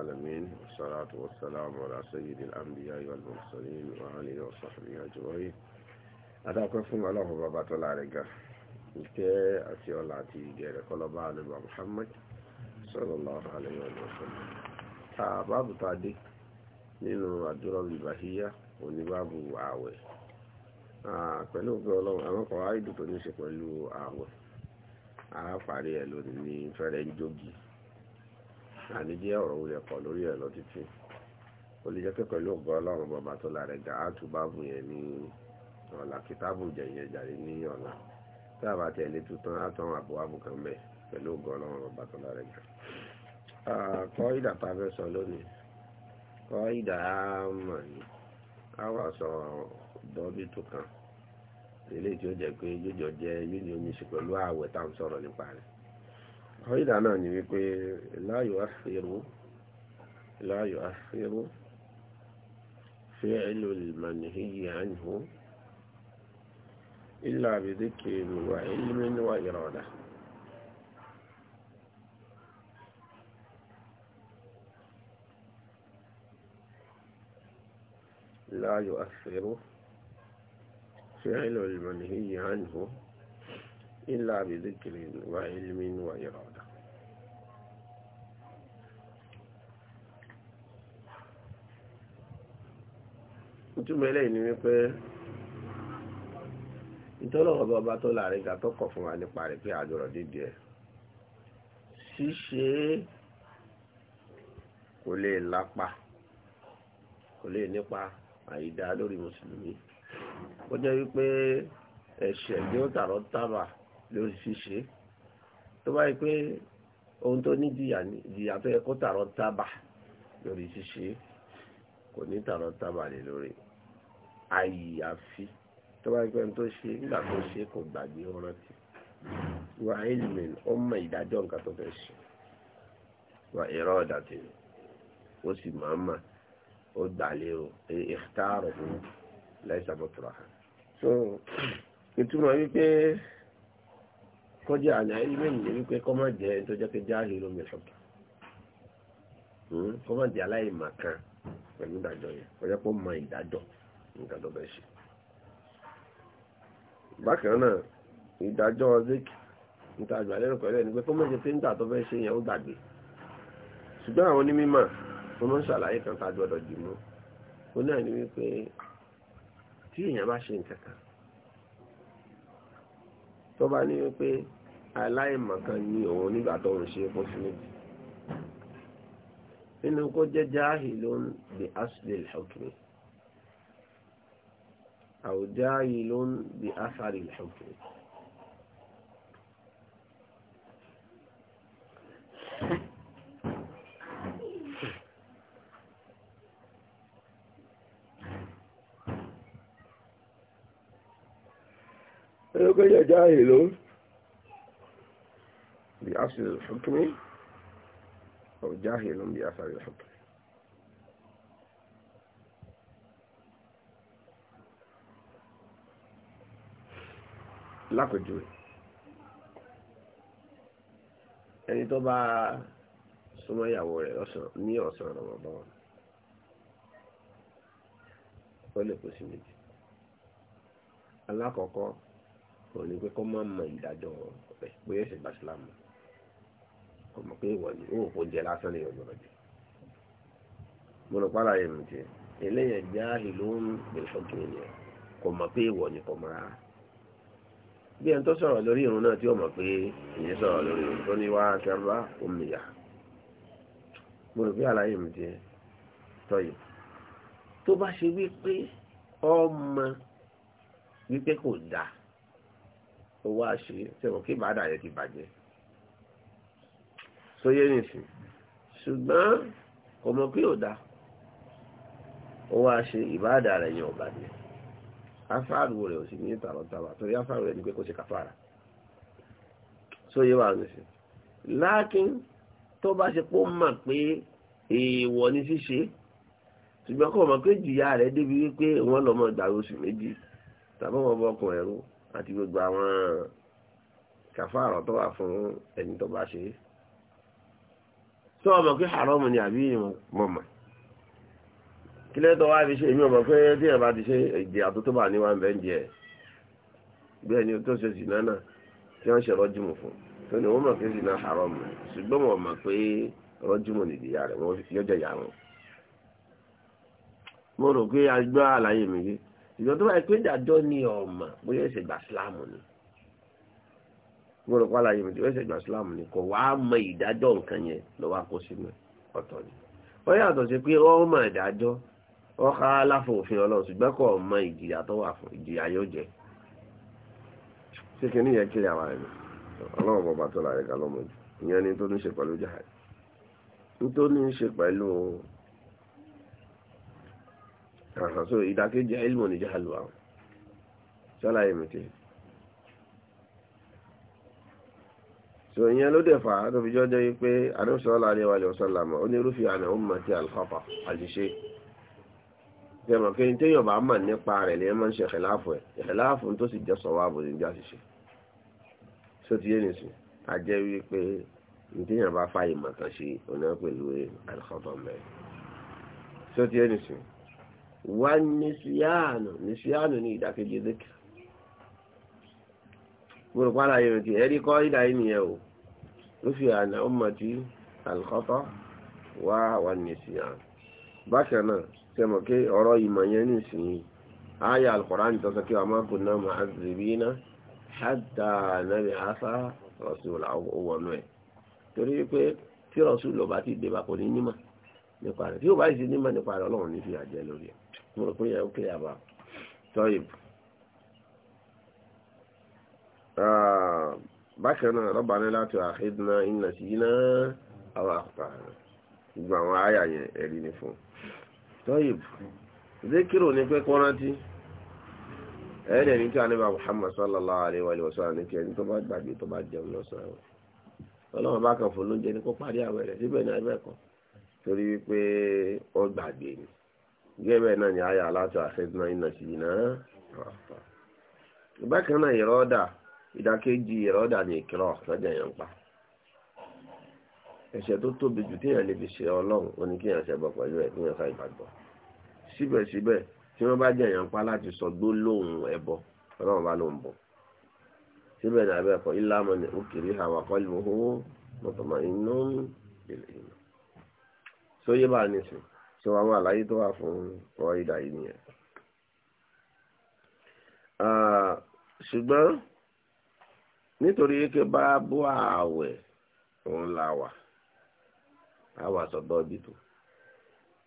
العالمين والصلاة والسلام على سيد الأنبياء والمرسلين وآله وصحبه أجمعين أدعوكم فم الله وبابات العرقة ìkẹ́ àti ọlá àti ìgẹ̀rẹ̀ kọlọba àlẹ́bà Muhammad sallallahu alaihi wa sallam tàbábù tàdé nínú àdúrà ìbàhíyá oníbàbù ààwẹ̀ pẹ̀lú òpin ọlọ́run àwọn kan áìdù tó ní ṣe pẹ̀lú ààwẹ̀ àápàrí ẹ̀ lónìí ní fẹ́rẹ̀ ń jógi àní jẹ́ ọ̀rọ̀ wulẹ̀ pọ̀ lórí ẹ̀ lọ títí ó lè jẹ́ pé pẹ̀lú ògbọ́ ọlọ́run bàbá tó la rẹ̀ gà á tún bá bù yẹn ní ọ̀la kìtàbù jẹ̀yẹ̀ jàre ní ọ̀la tá a bá tẹ̀ lé tuntun á tún àbọ̀ àbù kan bẹ̀ pẹ̀lú ògbọ́ ọlọ́run bàbá tó la rẹ̀ gà. kọ́ ìdà tá a fẹ́ sọ lónìí kọ́ ìdà á mọ̀ ní á wà sọ dọ́bí tó kan eléyìí tí ó jẹ́ pé yóò jọ jẹ́ yóò ní omi sí pẹ̀lú ààwẹ̀ táwọn sọ̀rọ̀ nípa rẹ̀ ìdá náà ni لا يؤخر لا يؤخر فعل المنهي عنه إلا بذكر وعلم وإرادة لا يؤثر فعل المنهي عنه إلا بذكر وعلم وإرادة ìtumọ̀ eléyìí ni wípé ìtọ́lọ́wọ́ bọba tó láàrin ga tó fún wa nípa rẹ̀ pé àjọrọ̀ dídì ẹ̀ ṣíṣe kò lè lápa kò lè nípa àìdá lórí mùsùlùmí ó jẹ́ wípé ẹ̀ṣẹ̀ lórí ṣíṣe tó bá yí pé ohun tó ní jìyà ní jìyà tó yẹ kó tààrọ tábà lórí ṣíṣe kò ní tààrọ tábà lè lórí àyàfi tó bá yí pé ohun tó ṣe nígbà tó ṣe kò gbàgbé ọ̀rọ̀ tì wà ilmin ó mọ ìdájọ́ nǹkan tó fẹ́ ṣe wà ìrọ̀ ọ̀dà tì ó sì máa ń ó gbà lérò ìhtàrọ̀ fún láìsàbọ̀tòrò so ìtumọ̀ wípé kọjá àná ilé ìlú wípé kọ́mọ̀ jẹ́ tó jẹ́ pé jáàlì ló mi sọ̀tọ̀ kọ́mọ̀ jẹ́ aláìmọ̀ kan pẹ̀lú ìdájọ́ yẹn kọjá pé ó mọ ìdájọ́ nǹkan tó bẹ́ẹ̀ ṣe. bákan náà ìdájọ́ zik níta àgbà lẹ́nu pẹ̀lú ẹni pé kọ́mọ̀ jẹ́ pé níta tó fẹ́ ṣe yẹn ó gbàgbé ṣùgbọ́n àwọn onímọ̀ tó mọ̀ ṣàlàyé kan tá a gbọ́dọ̀ dì mú ó náà ní wípé tí èèyàn bá ṣe nǹkan kan tó bá ní wípé aláìmọ̀kan ni òun nígbà tó ń ṣe fún méjì nínú kó jẹ́ jáàhì ló ń jahilun bi aslil hukmi aw jahilun bi atharil hukmi Ẹgbẹ́ jẹ́ jahilun بأصل الحكم أو جاهل بأثر الحكم lápèjúwe ẹni tó bá súnmọ́ ìyàwó rẹ̀ ní ọ̀sán Ramadan ó lè kó sí méjì alákọ̀ọ́kọ́ kò ní pé kó má mọ ìdájọ́ rẹ̀ pé ẹ̀sìn bá Ìsìlámù ọmọ pé ìwọ ni ó kò jẹ lásán lè ọgbọ̀rọ̀ jẹ mo rò mi tiẹ̀ eléyàn já ìlú ń bẹ̀rẹ̀ kò mọ̀ pé ìwọ ni kò mọ̀ rárá bí ẹni tó sọ̀rọ̀ lórí irun náà tí ó mọ̀ pé èyí sọ̀rọ̀ lórí irun tó ní wá sẹ́rọ́bá omiya mo rò pé àlàyé mi tiẹ̀ tọ́yì tó bá ṣe wípé ọmọ wípé kò dáa ó wá ṣe ṣe kí bàdà yẹn ti bàjẹ́ sóyé nìsín ṣùgbọ́n kò mọ̀ pé ò dá ó wá ṣe ìbáàdà rẹ̀ yẹn ọ̀gá ni afáàrù rẹ̀ ò sì ní tàbátàbà torí afáàrù rẹ̀ ni pé kò ṣe kàfàrà sóyé wà nìsín lákín tó bá ṣe pó mọ̀ pé èèwọ̀ ni ṣíṣe ṣùgbọ́n kò mọ̀ pé jìyà rẹ̀ débi wípé wọ́n lọ́mọ ìdàrú oṣù méjì tàbí wọ́n bọ́ ọkùnrin ẹ̀rú àti gbogbo àwọn kàfàrà tó wà fún ẹni tó bá ṣe é sọ ọmọ pé haram ni àbí ìmọ̀ mọ̀mọ̀ kí lẹ́tọ̀ wá fi ṣe èmi ọmọ pé tí ẹ̀ bá ti ṣe èdè àtúntò bá ní wà ń bẹ́ ń jẹ bẹ́ẹ̀ ni tó ṣe sìnà náà tí wọ́n ṣe rọ́jùmù fún tó ní wọ́n mọ̀ pé sìnà haram rẹ̀ ṣùgbọ́n wọ́n mọ̀ pé rọ́jùmù nìdíyà rẹ̀ wọ́n yọjọ ìyá wọn. mo rò pé agbá àlàyé mi yé tó bá yẹ pé ìdájọ́ ni ọ̀mà gbọ́dọ̀ pàlà yìí mọ̀tí ẹ̀sẹ̀ ìgbà sílámù ni kò wá mọ ìdájọ́ nǹkan yẹn ló wá kó sínú ọ̀tọ̀ ni ó yàtọ̀ sí pé ó mọ ìdájọ́ ó ká láfọ òfin ọlọ́run ṣùgbọ́n kò mọ ìjìyà tó wà fún ìjìyà yóò jẹ ṣé kìíní yẹn kiri àwọn ẹ̀mí ọlọ́run bọ̀bá tó la rẹ̀ lọ́mọ jù ìyẹn ni tó ní ṣe pẹ̀lú jihad nítorí ní ṣe pẹ̀lú ìdákẹ́jẹ́ ilmu ní jihad wà ṣọ́lá so ìyẹn ló dẹ̀ fà á tó fi jọ́jọ́ yí pé àdúsọ́lá ní wàlẹ̀ ọ̀sọ́lámọ̀ ó ní irúfẹ́ àná ó mọ̀ tí alfapa àṣìṣe tẹmọ̀ kí n téèyàn bá mọ̀ nípa rẹ̀ lè máa ń ṣe ìkìláàfù ẹ̀ ìkìláàfù tó sì jẹ́ sọ̀wọ́ àbò ní ìjà ṣiṣẹ́ ti yé nìsín a jẹ́ wí pé n téèyàn bá fa ìmọ̀ kan ṣe ọ̀nà pẹ̀lú alfapa mẹ́rin só ti yé nìsín wá nísìyáànù nísìyáànù ní ìdákejì dẹ́kẹ̀ gbọ́dọ̀ pàlàyé rẹ̀ ti ẹ̀rí kọ́ ìdáyé nìyẹn o nufi àna ummati alkhata wa wa nisiyan bákan náà sẹ́mọ̀ kí ọ̀rọ̀ ìmọ̀ yẹn ní ìsìn ayà alkùnrán tó sọ kí wa ma kunna mu'azzibina hatta nab'atha rasula owó ọ̀nà ẹ̀ torí pé tí rọ̀sù lọ bá ti dé bá kò ní nímọ̀ nípa rẹ̀ tí ó bá sì nímọ̀ nípa rẹ̀ ọlọ́run ní fi àjẹ́ lórí ẹ̀ mo rò pé ó kílẹ̀ àbá tọ́yìb bakana náà rabbana la tu'akhidhna in nasina aw akhta'na gbogbo àwọn àyà yẹn ẹ̀rí ni fún tọ́yìb zikiru ní pé kọ́rántí ẹ̀rẹ́ ní tí a níbà Muhammad sallallahu alaihi wa sallam ní kí ẹni tó bá gbàgbé tó bá jẹun lọ́sàn-án ọlọ́run bá kan fòló jẹ ní kó kan torí wípé ó gbàgbé ni gẹ́gẹ́ náà ni àyà aláṣọ àṣẹ iná sí iná ìdákéjì ìrọ́dà ní ìkírọ̀ lọ́jà yẹn ń pa ẹ̀ṣẹ̀ tó tóbi jù téèyàn lè fi ṣe ọlọ́run ó ní kéèyàn ṣe bọ̀ pẹ̀lú ẹ̀ téèyàn sáà ìgbàgbọ́ síbẹ̀síbẹ̀ tí wọ́n bá jẹ̀yàn pa láti sọ gbólóhùn ẹ̀bọ ọlọ́run bá ló bọ̀ síbẹ̀ ní abẹ́ ẹ̀kọ́ ìlànà ní òkèrè àwọn akọ́lù owó mọ̀tọ̀mọ̀ bá ní sùn nítorí pé bá bó ààwẹ̀ òun la wà àwà sọ dọ́bìtù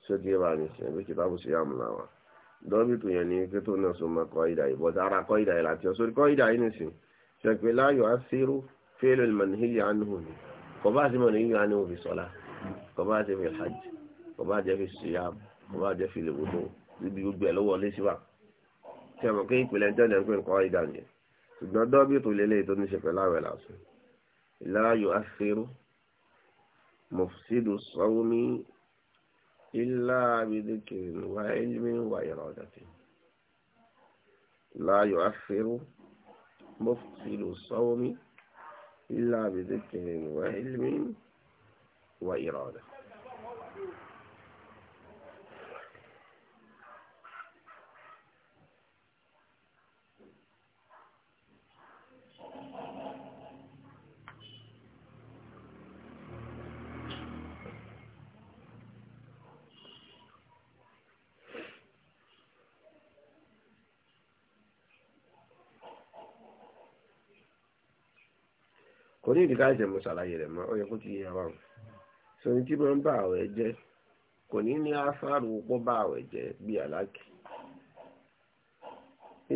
sójú ẹ̀ bá mi sìn bí kìtàbù sí àmì la wà dọ́bìtù yẹn ni pé tó náà so mọ́ kọ́ ìdá yìí bọ́tà ara kọ́ ìdá yìí láti ọ sórí kọ́ ìdá yìí nìsín ṣẹ̀pẹ̀ láyọ̀ á sírú fẹ́lẹ̀ mọ̀nìhìlì àánú ni kò bá sí mọ̀nìhìlì àánú fi sọ́lá kò bá jẹ́ fi hajj kò bá jẹ́ fi siyam kò bá jẹ́ fi lèwòdó ibi gbogbo ẹ̀ ló wọlé síwá tí a mọ̀ pé ìpìlẹ̀ ń tẹ́lẹ̀ ń pè ń kọ́ ìdá nìyẹn ṣùgbọ́n dọ́bí tó lélẹ̀ tó ní ṣe pẹ̀lú àwẹ̀ lásán ìláyò àṣírò mọ̀fúsídù sọ́wọ́mí ilá abidikiri wa ilmi wa ìrọ̀dàtì láyò àṣírò mọ̀fúsídù sọ́wọ́mí ilá abidikiri wa ilmi wa ìrọ̀dàtì. kò ní ìdíkà ìṣẹ̀mú ṣàlàyé rẹ̀ mọ́ ó yẹ kó ti yẹ wa o sọyìn tí máa ń bá àwẹ̀ jẹ́ kò ní ní afárò pọ́ bá àwẹ̀ jẹ́ bí àlákì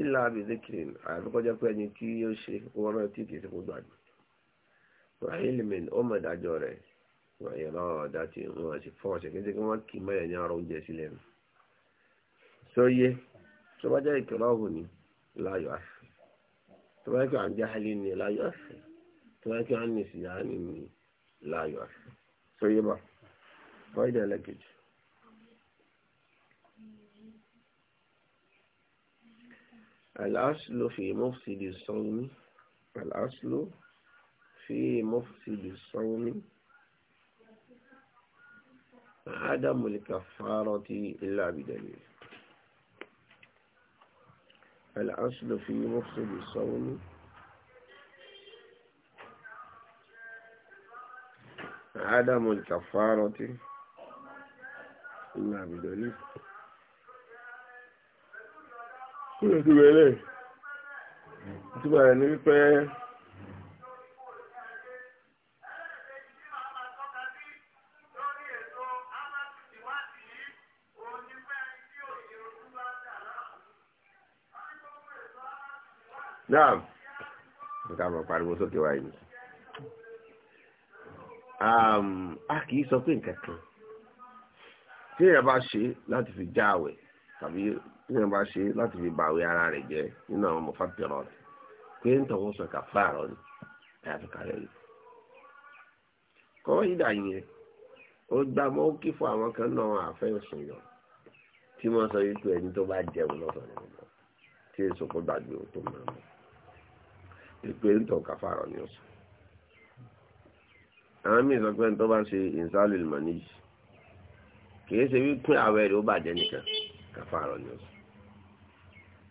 ńlá abìdíkìrín àfikọ́jọ́ pé ẹni tí ó ṣe owó náà tí kìí ṣe kó gbàgbé rahilmin ó mọ̀ ìdájọ́ rẹ̀ ìrọ̀ ọ̀dà tí wọ́n ti fọ́ ọ̀sẹ̀ kéde kí wọ́n kì í mẹ́rẹ̀ ní ọrọ̀ oúnjẹ sílẹ̀ nù sọyẹ tó bá jẹ́ ìkìlọ̀ ni láyọ̀ àfẹ́ tó bá jẹ́ kí ni láyọ̀ àfẹ́ تواكي عن نسيان لا يعرف طيبة فايدة لك الأصل في مفسد الصوم الأصل في مفسد الصوم عدم الكفارة إلا بدليل الأصل في مفسد الصوم عدم الكفارة إما بدليل kúrò tó bẹ̀rẹ̀ ìtumọ̀ rẹ̀ ní wípé náà nǹkan mọ̀ pariwo sókè wáyé nìyí. Um, a kì í sọ pé nǹkan kan tí èèyàn bá ṣe láti fi já àwẹ̀ tàbí tí èèyàn bá ṣe láti fi bàwé ara rẹ̀ jẹ́ nínú àwọn mọ̀fàtìrọ̀ pé ń tọ̀wọ́ sọ kàfà àrọ̀ ni àyàfi kárẹ̀ rẹ̀. kọ́wọ́ yídà yẹn ó gbá mọ́ kí fún àwọn kan náà àfẹ́sùn yọ tí wọ́n sọ wípé ẹni tó bá jẹun lọ́sọ̀rọ̀ tí èso kó gbàgbé ohun tó máa mọ̀ pé ń tọ̀ kàfà àrọ̀ ni ó sọ àwọn míì sọ pé tó bá ń ṣe ìsálù ìmọ̀ níyì kì í ṣe wípé àwẹ̀ rẹ̀ ó bàjẹ́ nìkan kàfàrọ̀ ni ó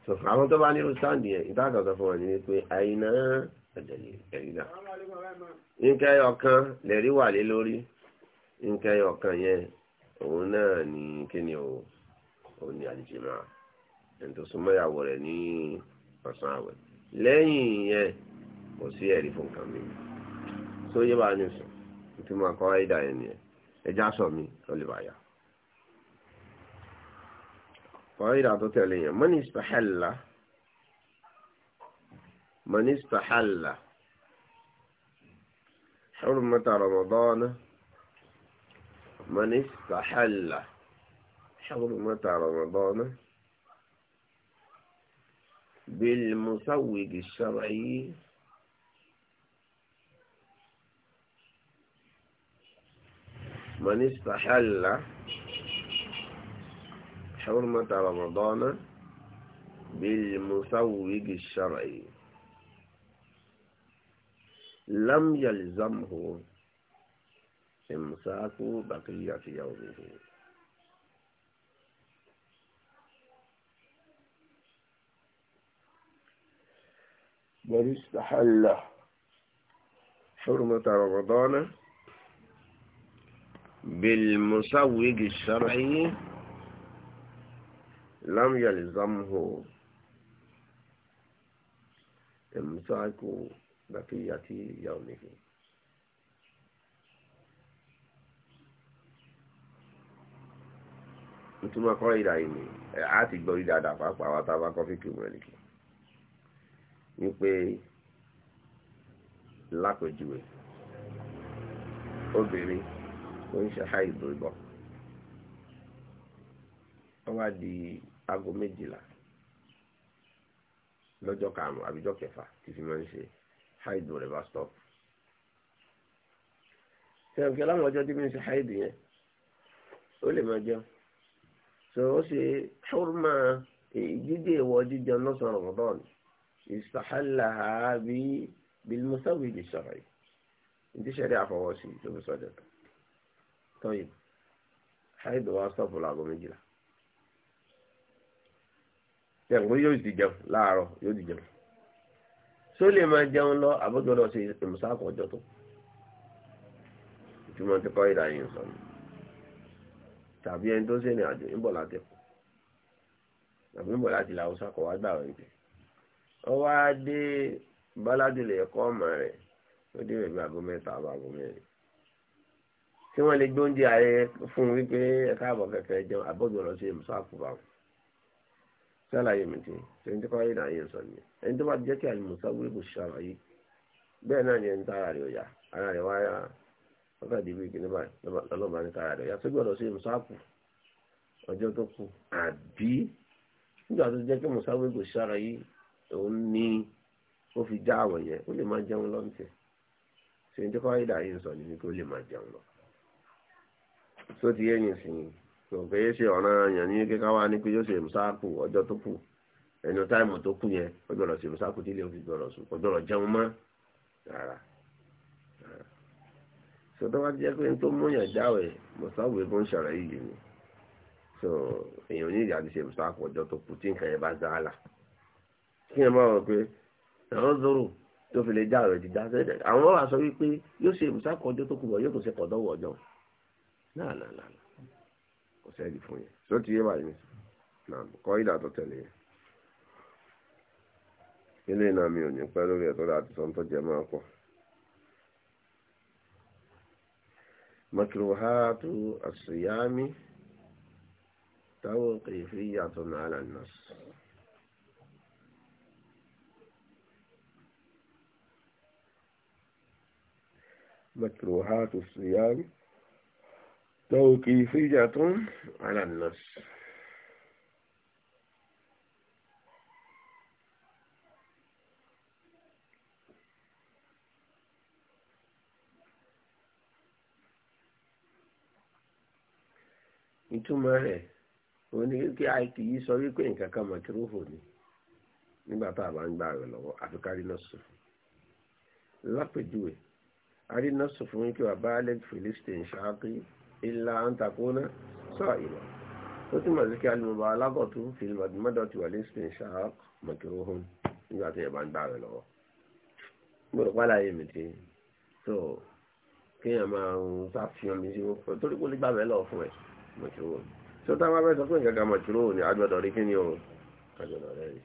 sọ àwọn tó bá nírú sáǹdì yẹn ìtàkàsọ fún wọn ni wípé àìná ẹ̀jẹ̀lì ẹ̀rídà nǹkan ẹyọ kan lẹ̀rí wà lé lórí nǹkan ẹyọ kan yẹn òun náà ni kíni o òun ni àlìjìmọ̀ ẹni tó súnmọ́ ìyàwó rẹ̀ ní ọ̀sán àwẹ̀ lẹ́yìn yẹn kò sí ẹ̀rí fún nǹkan mi tó yé bá a ní sùn ìtumọ̀ àkọ́ ìdá yẹn nìyẹn ẹja sọ mi olùbàyà kọ́ ìdá tó tẹ̀lé yẹn mọ́ni ìsìtàhálà mọ́ni ìsìtàhálà حرمة رمضان من استحل حرمة رمضان بالمسوق الشرعي من استحل حرمة رمضان بالمسوق الشرعي لم يلزمه إمساك بقية يومه من استحل حرمة رمضان بالمسوج الشرعي لم يلزمه امساك بقية يومه ìtumọ̀ kọ́ ìdá yìí ni a ti gbọ́ ìdá àdá pàápàá wa tá a bá kọ́ fíkì mẹ́lìkì wípé lápẹ̀jùwẹ̀ obìnrin ó ń ṣe àìdùn ìbọ̀ ó wá di aago méjìlá lọ́jọ́ karùn-ún àbíjọ́ kẹfà tí fi máa ń ṣe haidu rẹ̀ bá stop. sẹ́wọ̀n kí aláwọ̀ ọjọ́ tí mi ń ṣe haidu yẹn ó lè máa jẹun so ó ṣe ṣọ́rùmà jíjẹ ìwọ jíjẹun lọ́sàn-án Ramadan ìṣàhálà àbí bílmùsáwìlì sọ̀rọ̀ yìí ní ti àfọwọ́sí tó fi sọ̀dọ̀ tọ́yìn ṣáìdù wa sọ̀pù láago méjìlá tẹ̀gbọ́n yóò ti jẹun láàárọ̀ yóò ti jẹun só lè lọ àbójọ́lọ́ ṣe ìmùsáàkọ̀ ọjọ́ tó ìtumọ̀ ti kọ́ ìdá yìí sọ ni tàbí ẹni tó ṣèrìn àjò ń la haúsá kọ̀ wá gbà wọ́n jẹ ọ wá tí wọ́n lè gbóúnjẹ ààrẹ fún un wípé ẹ̀ka àbọ̀ kẹ̀kẹ́ jẹun àbọ̀dọ̀ lọ sí ìmùsáàfù bá wọn sálàyé mi ti ṣèyí tí kọ́lá yìí náà yẹn sọ ni ẹni tó bá jẹ́ kí àlùmùsáwìrì kò ṣàrọ̀ yìí bẹ́ẹ̀ náà ni ẹni tá ara rẹ̀ ọ̀yà ara rẹ̀ wáyà ọ̀gá ìdìbò ìkíní báyìí lọ́lọ́ba ní tara rẹ̀ ọ̀yà tó gbọ́dọ̀ sí ìmùsáàfù ọjọ́ tó kù àbí nígbà tó ti yé yìí sìn òkè yé ṣe ọ̀nà yàn ní kíkà wá ní pé yóò ṣe mùsáàkù ọjọ́ tó kù ẹnu táìmù tó kù yẹn ó gbọ́dọ̀ ṣe mùsáàkù tí ilé òfin gbọ́dọ̀ sùn kò gbọ́dọ̀ jẹun mọ́ rárá. sọ tó bá jẹ́ pé tó múyàn jáwèé mùsáàkù ebi ń ṣọ̀rọ̀ yìí ni so èèyàn ní ìyá ti ṣe mùsáàkù ọjọ́ tó kù tí nǹkan yẹn bá dá àlà kí ẹ máa wọ pé tó fi lè jáwèé ti dá àwọn wà sọ wípé yóò ṣe mùsáàkù ọjọ́ tó kù yóò tó ṣe kọ̀dọ̀wọ̀ ọjọ́ náà náà náà kò sẹ́ẹ̀dì fún yẹn sọ ti yé báyìí ní tele ìdá tó tẹ̀lé yẹn ilé náà mi ò ní pẹ́ lórí ẹ̀tọ́ láti sọ tó jẹ máa pọ̀ makruhatu as-siyami ala an-nas makruhatu atụ siyami توقيفية على النص ìtumọ̀ rẹ̀ òun ni kí aiki yìí sọ wípé nǹkan kan mọ̀kìrúfò ni nígbà tá a bá ń gbà rẹ̀ lọ́wọ́ àfikárí náà sùn lápèjúwe arínà sùn fún wípé bàbá alex philistine ṣáájú ìlà àǹtàkùnà sọ ìlà ó túmọ̀ sí kí alimọba alágọ̀tú fìlì mọ̀dọ́tì wà lẹ́sìn ṣáàk mọ̀kìrọ́hún nígbà tó yẹ bá ń gbà rẹ̀ lọ́wọ́ gbọ́dọ̀ pàdà yé mi ti tó kéèyàn máa ń ṣàfihàn mi sí wọn torí kó lè gbà mẹ́lọ̀ fún ẹ̀ mọ̀kìrọ́hún tó táwọn abẹ́ sọ pé nǹkan kan mọ̀kìrọ́hún ni àjọ̀dọ̀ rí kí o àjọ̀dọ̀ rẹ̀ rí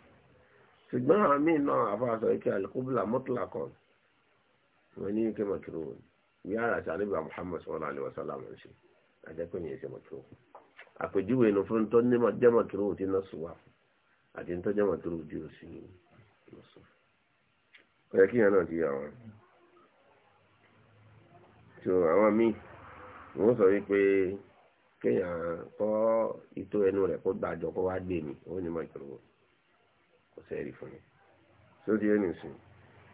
ṣùgbọ́n àwọn náà àfàṣọ ike alikubula mọ́tòlá kan ní ike mọ̀kìrọ́hún yára sí alẹ́ bí wa Muhammad sallallahu alaihi wasallam ṣe àjẹpẹ́ yẹn ṣe mọ̀kìrò àpèjúwe inú fún tó ní jẹ́ mọ̀kìrò tí náà sùn wá àti tó jẹ́ mọ̀kìrò tí ò sí lọ sùn. ó yẹ kí yẹn náà ti yà wọn. tó àwọn míì wọ́n sọ wípé kéèyàn kọ́ ìtò ẹnu rẹ̀ kó gbàjọ kó wá gbé mi ó ní mọ̀kìrò kò sẹ́ẹ̀rì fún mi. sódì ẹnu sùn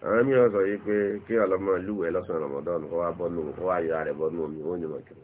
àwọn míì wọ́n sọ wípé kí ọlọ́mọ lúwẹ̀ẹ́ lọ́sàn-án Ramadan kó wá bọ́nú kó wá yọ ara bọ́nú omi ó ní mọ̀kìrò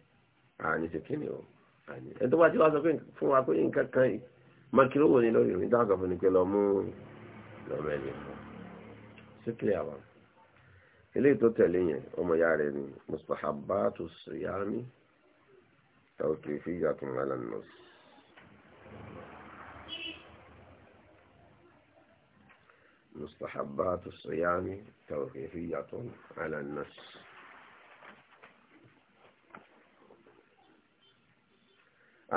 àní ṣe kí ni o àní ẹ tó bá ti wá sọ pé fún wa pé nǹkan kan yìí mákìrò wò ní lórí ìròyìn dáhùn fún ni pé lọ mú lọmọ ẹni fún sí kílẹ̀ àwọn eléyìí tó tẹ̀lé yẹn ọmọ ìyá rẹ̀ ni mustahabatu siyami tawqifiyatun ala an-nas mustahabatu siyami tawqifiyatun ala an-nas.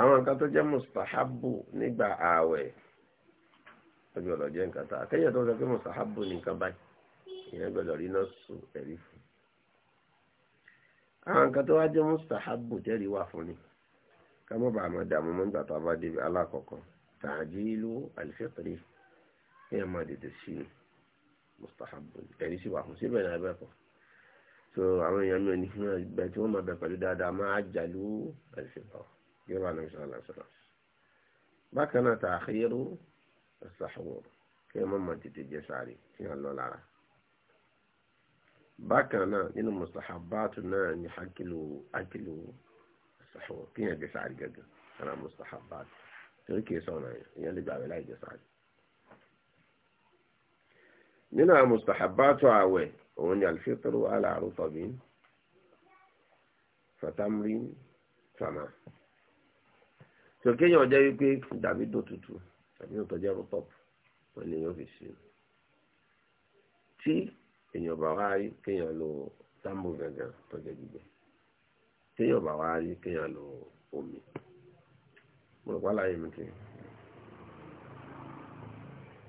àwọn nǹkan tó jẹ́ mustahabu nígbà ààwẹ̀ ẹbí ọlọ́jẹ́ nǹkan tá akẹ́yẹ̀ tó sọ pé mustahabu ní nǹkan báyìí ìyẹn gbọ́dọ̀ rí náà sùn ẹ̀rí fún àwọn nǹkan tó wá jẹ́ mustahabu tẹ́rì wà fún ni ká mọ̀ bá àmọ́ dààmú mọ́ nígbà tá a bá débi alákọ̀ọ́kọ́ tàjílù al-fitri kí ẹ máa sí i mustahabu ẹ̀rí sì wà fún síbẹ̀ náà bẹ́ẹ̀ kọ́ so àwọn èèyàn mi ò ní fún ẹgbẹ́ tí wọ́n máa bẹ pẹ̀lú dáadáa máa jàlú al yorùbá ní sọ̀rọ̀ lọ́sọ̀rọ̀ bákan náà tà àkíyèrú ṣàhùwọ̀ kí wọ́n mọ̀ tètè jẹ sáré kí wọ́n lọ lára bákan náà nínú mustahabatu náà ní akilu akilu ṣàhùwọ̀ kí wọ́n jẹ sáré gẹ́gẹ́ ara mustahabatu torí kìí sọ̀rọ̀ ìyẹn lè gbàgbé láì jẹ sáré nínú àwọn mustahabatu àwẹ̀ òun ni alfitru ala rutabin fatamrin fama tó kéèyàn jẹ́ wípé dàbí dò tutù tàbí òtọ́ jẹ́ rúpọ̀pù wọ́n lè yàn fi sí i tí èèyàn bá wá rí kéèyàn lo tambo gangan tó jẹ́ gbígbẹ bá wá rí kéèyàn lo omi mo rò wálá yẹn mi ti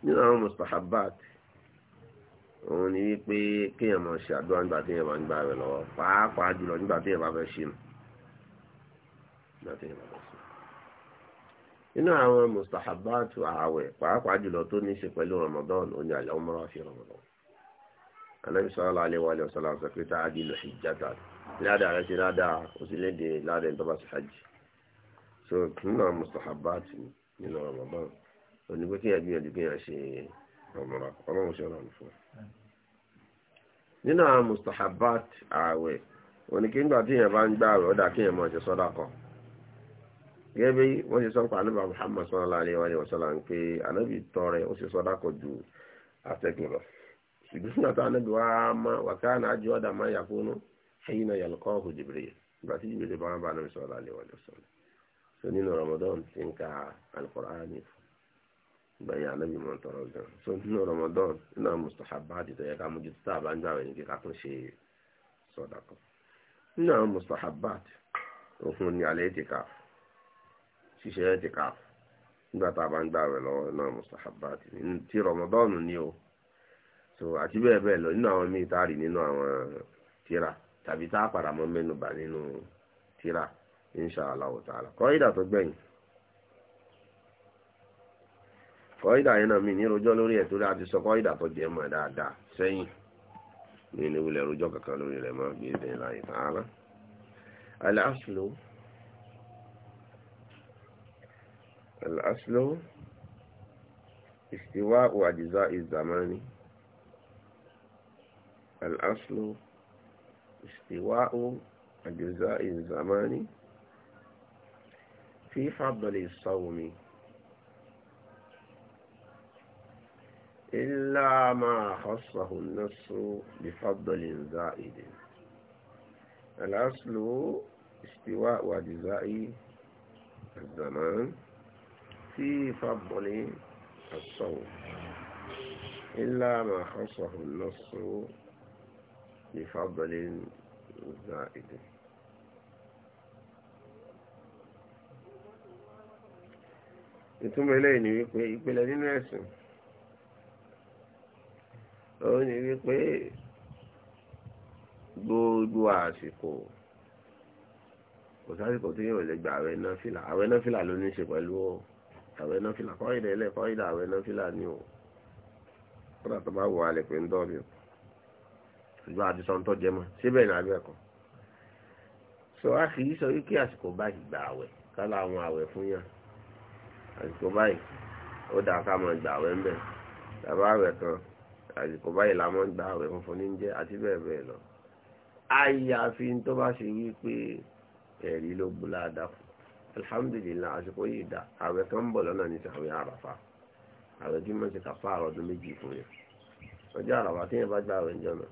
nínú àwọn mustahabat òun ni wípé kéèyàn máa ṣe àdúrà nígbà téèyàn bá ń gbà rẹ lọ́wọ́ pàápàá jùlọ nígbà téèyàn bá fẹ́ ṣe nù nígbà téèyàn bá fẹ́ ṣe nù. inú àwọn mustahabatu ààwẹ̀ pàápàá jùlọ tó ní ṣe pẹ̀lú ramadan oní al-umrah fi ramadan anabi sallallahu alaihi wa sallam sọ pé tá a di lọ sí ládàá rẹ ti ládàá ládàá so nínú àwọn mustahabatu nínú ramadan oní pé kéèyàn gbìyànjú kéèyàn ṣe umrah ọlọ́run ṣe fún un nínú àwọn mustahabatu kí tí gẹ́gẹ́ bí wọ́n ṣe sọ pé ànábì Muhammad sallallahu alaihi wa sallam ń pé ànábì tọrẹ ó ṣe sọ́dá kọ ju àtẹ̀gùn lọ ṣùgbọ́n nígbà tó ànábì wá mọ́ wàkánà ájú ọ̀dà máa yà fún un ẹ̀yìn náà yàlùkọ́ ọ̀hún Jibril ìgbà tí Jibril bá wọn bá ànábì sallallahu alaihi wa sallam so nínú Ramadan ti ń ka Al-Qur'ani ìgbà yẹn ànábì mọ̀ tọrọ gan so nínú Ramadan nínú àwọn mustahabbat tó yẹ ṣíṣe ẹ̀tìkáf nígbà tá a bá ń ni o so àti bẹ́ẹ̀ bẹ́ẹ̀ lọ nínú àwọn míì tá a rí nínú àwọn tíra tàbí tá a padà mọ́ mẹ́nu insha Allah ta'ala kọ́ ìdà tó gbẹ̀yìn mi ní rojọ́ lórí ẹ̀ a ti sọ kọ́ídà tó jẹ́ mọ́ dáadáa sẹ́yìn ní rojọ́ kankan lórí rẹ̀ mọ́ láyé الأصل استواء أجزاء الزمان الأصل استواء أجزاء الزمان في فضل الصوم إلا ما خصه النص بفضل زائد الأصل استواء أجزاء الزمان في فضل الصوم إلا ما خصه النص بفضل زائد ìtumọ̀ eléyìí ni wípé ìpìlẹ̀ nínú ẹ̀sìn òun ni wípé gbogbo àsìkò kò sásìkò tí yóò lè gba àwẹ̀ náfìlà àwẹ̀ náfìlà ló ní í ṣe pẹ̀lú ọ́ àwẹ̀ náfìlà kọ́ìdà ilẹ̀ kọ́ìdà àwẹ̀ náfìlà ni o kódà tó bá wọ alẹ̀ pé ń dọ́ọ̀bì o ṣùgbọ́n àti sọ́n tó jẹ mọ́ síbẹ̀ ní abẹ́ ẹ̀kọ́ sọ wá kì í sọ wípé àsìkò báyìí gba àwẹ̀ kálá àwọn àwẹ̀ fún yàn àsìkò báyìí ó dáa ká mọ̀ gbà àwẹ̀ ń bẹ̀ tàbá àwẹ̀ kan àsìkò báyìí la mọ̀ gbà àwẹ̀ funfun ní jẹ́ àti bẹ́ẹ̀ bẹ́ẹ̀ lọ àyàfi tó bá ṣe wípé ẹ̀rí ló gbó alhamdulillah àsìkò yìí dá ààrẹ kan ń bọ̀ lọ́nà ní sàwé àràfà ààrẹ tí wọ́n ti kàfà ọdún méjì fún yẹn ọjọ́ àràfà tí yẹn bá gbà rẹ̀ jọ náà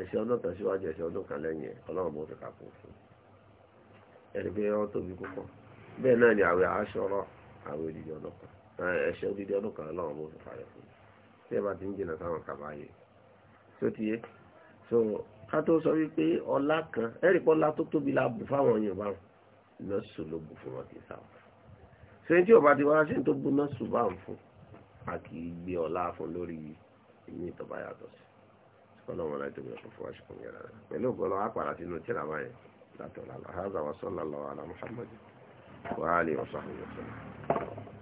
ẹ̀ṣẹ̀ ọdún kan síwájú ẹ̀ṣẹ̀ ọdún kan lẹ́yìn ọlọ́run bó fi kàpọ̀ fún ẹ̀rí pé wọ́n tóbi púpọ̀ bẹ́ẹ̀ náà ni ààrẹ aṣọ́rọ̀ ààrẹ odidi ọdún kan ẹ̀ṣẹ̀ odidi ọdún kan ọlọ́run bó fi fàyọ̀ fún tí ká tó sọ wípé ọlá kan ẹ̀rí pọ́lá tó tóbi la bù fáwọn Yorùbá wọn nọ́ọ̀sù ló bù fún ọtí sáà ṣe tí ọba ti wá ṣe tó bú nọ́ọ̀sù bá ń fún a kì í gbé ọlá fún lórí ìní ìtọ́ba yàtọ̀ sí ọlọ́run láti tóbi ọ̀pọ̀ fún pẹ̀lú ala wa wa